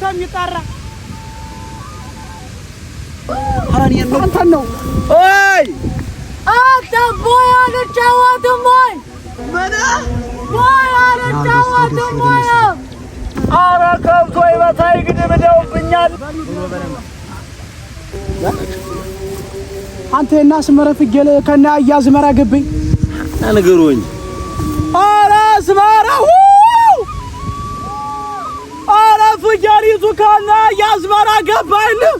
ሰርቶም አንተን ነው ኦይ አልጫወትም ምን አልጫወትም ከብቶ ይበታይ አንተ እና አስመረ ፍጌለ ከና አያ አዝመራ ግብኝ ነገሩኝ ፍየሪቱ ካለ የአዝመራ ገባይልህ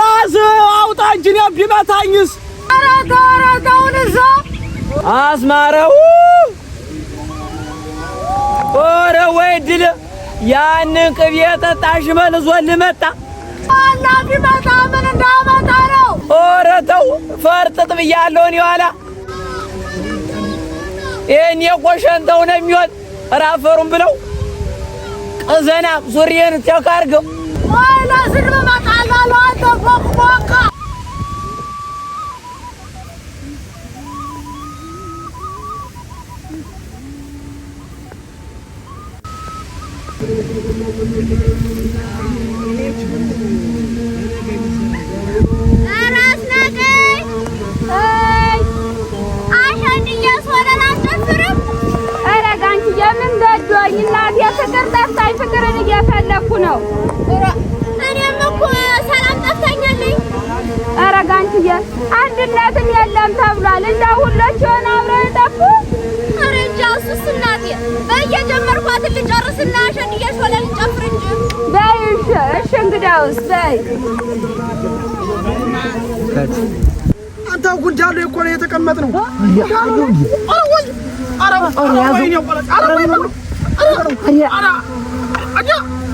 ራስ አውጣ እንጂኔ ቢመታኝስ አስማረው ኧረ ወይ ድል ያንን ቅቤ ጠጣሽ መልሶልህ መጣ እና ቢመጣ ምን እንዳመጣ ነው ኧረ ተው ፈርጥጥ ብያለሁ እኔ ኋላ ይህን የቆሸንተው ነው የሚሆን ኧረ አፈሩም ብለው ቀዘና ሱሪየን ተካርገው እየሄድኩ ነው። እኔም እኮ ሰላም ጠፍታኛለኝ። ኧረ ጋንችዬ አንድነትም የለም ተብሏል። እንደው ሁሎች የሆነ አብረው የጠፉ ኧረ እንጃ እሱስ እናቴ በየጀመርኳት ልጨርስና ሸንየሽ ወለ ልጨፍር እንጂ በይ እሺ እንግዳውስ በይ አንታው ጉንዳሉ እኮ ነው የተቀመጥነው።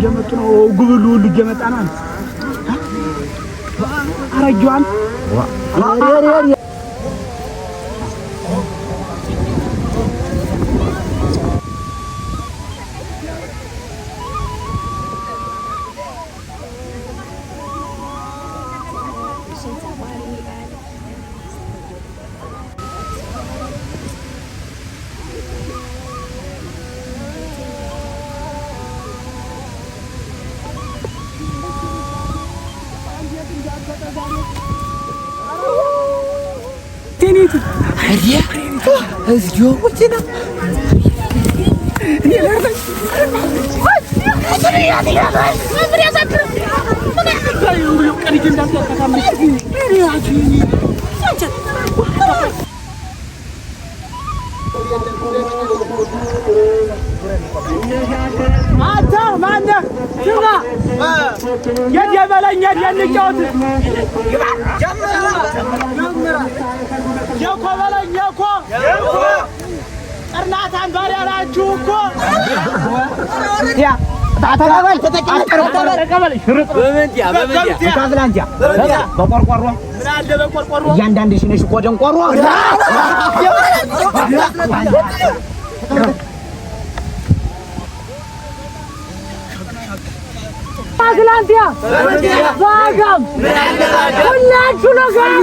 እየመጡ ነው። ጉብሉ ሁሉ እየመጣ ነው። አረጀዋን የኔቱ እዚሁ ወጭና እኔ አንተ ማነህ? ግባ የት የበለኝ የት የንጫወት የኮ በለኝ የኮ ጥርናታን ባሪያ እኮ በቆርቆሮ እያንዳንድ እኮ ደንቆሮ Pagilandia, Vagam, Punyat Gunungan.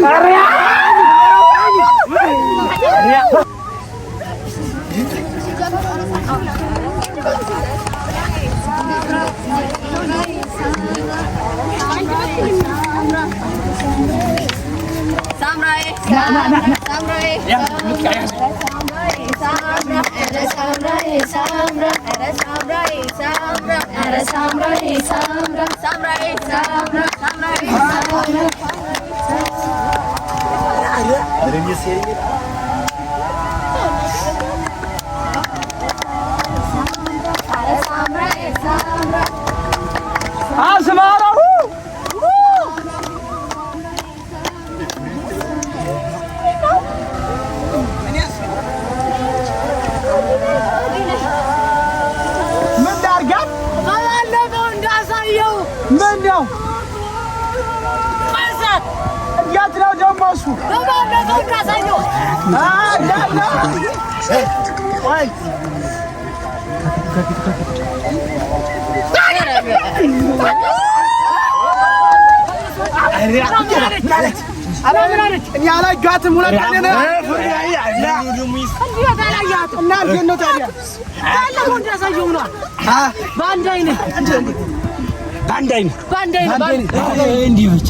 Samurai, samurai, samurai, samurai, samurai, samurai, samurai. አስማራ አላየኋትም። ሁለት እና እንዴት ነው ታዲያ? ባለፈው እንዳሳየው ነው በአንድ አይነት በአንድ አይነት በአንድ አይነት እንዲህ ብቻ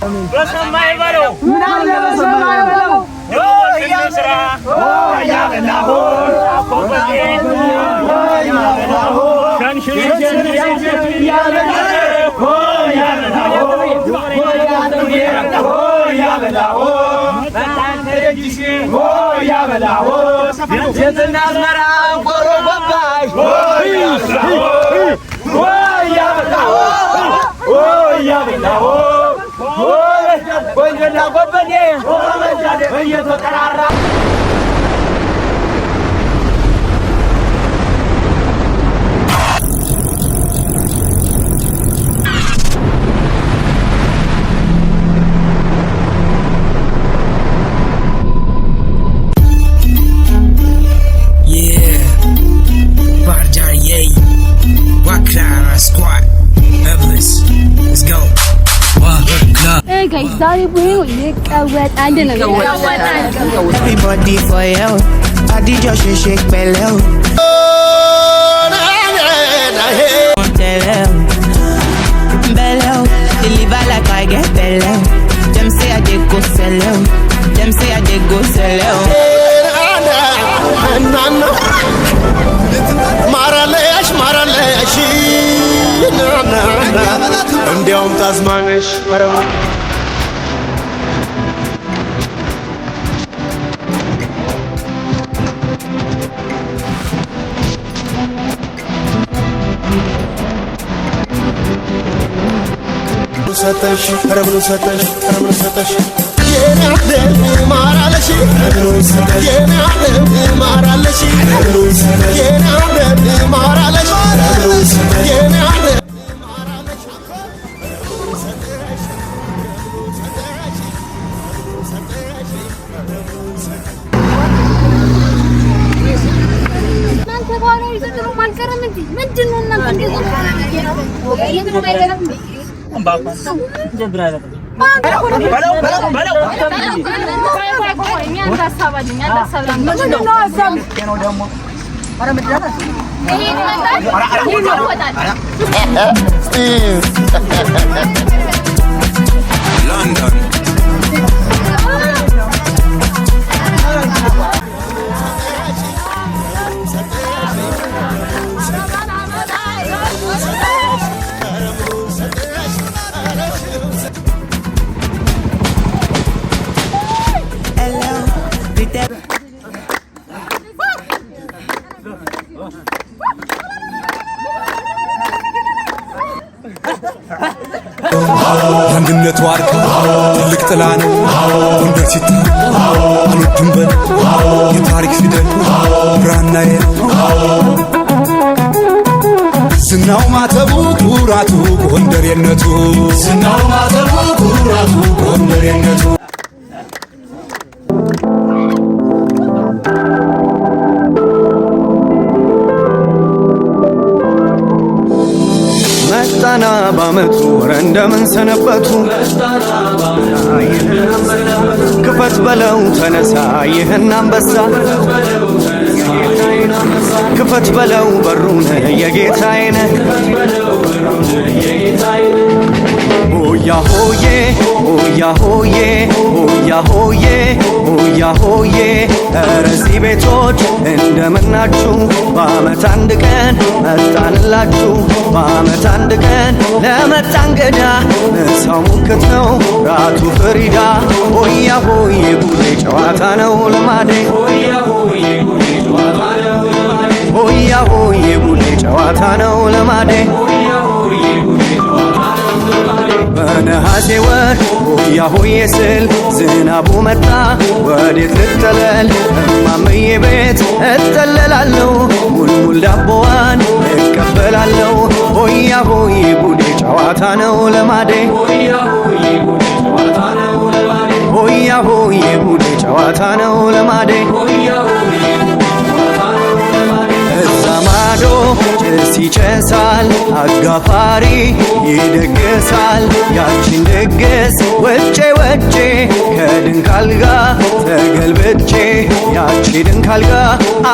Oh, yeah, but እየተጠራራ ጋይስ ዛሬ ቡሄ ይቀወጣል ነው ይቀወጣል። ኤቭሪባዲ ፎር አዲጆ ሽሽክ በለው በለው deliver like I get below. Them say I did go sell out. Them say I did go sell out. Nana, Maralesh, Maralesh, Nana, and down Tasmanish, Maralesh. ሰጠሽ ረምኑ ሰጠሽ ረምኑ ሰጠሽ ማራለሽ ማራለሽ ማራለሽ ምንድን ነው እናንተ ለንደን ጥላ ነው ጎንደር ሲታይ አልወድም በል የታሪክ ፊደል ብራናዬ ዝናው ማተቡ ኩራቱ ጎንደሬነቱ ዝናው ማተቡ ኩራቱ ጎንደሬነቱ ምስጋና ባመቱ ረ እንደምን ሰነበቱ ክፈት በለው ተነሳ ይህን አንበሳ ክፈት በለው በሩን የጌታ አይነ ሆያ ሆዬ ሆያ ሆዬ ሆያ ሆዬ ቤቶች እንደምናችሁ በዓመት አንድ ቀን መጣንላችሁ በዓመት አንድ ቀን ለመጣ እንግዳ ምሳው ሙክት ነው ራቱ ፍሪዳ ሆያ ሆዬ ጉዜ ጨዋታ ነው ልማዴ ሆያ ሆዬ ጉዜ ጨዋታ ነው ልማዴ በነሐሴ ወር ያሆዬ ስል ዝናቡ መጣ ወዴት ልጠለል እማምዬ ቤት እጠለላለሁ ሙልሙል ዳቦዋን እቀበላለሁ ሆያ ሆዬ ጉዴ ጨዋታ ነው ለማዴ ሆያ ሆዬ ጉዴ ጨዋታ ነው ለማዴ ይደገሳል አጋፋሪ ይደገሳል ያችን ድግስ ወጬ ወጬ ከድንካልጋ ተገልብጬ ያቺ ድንካልጋ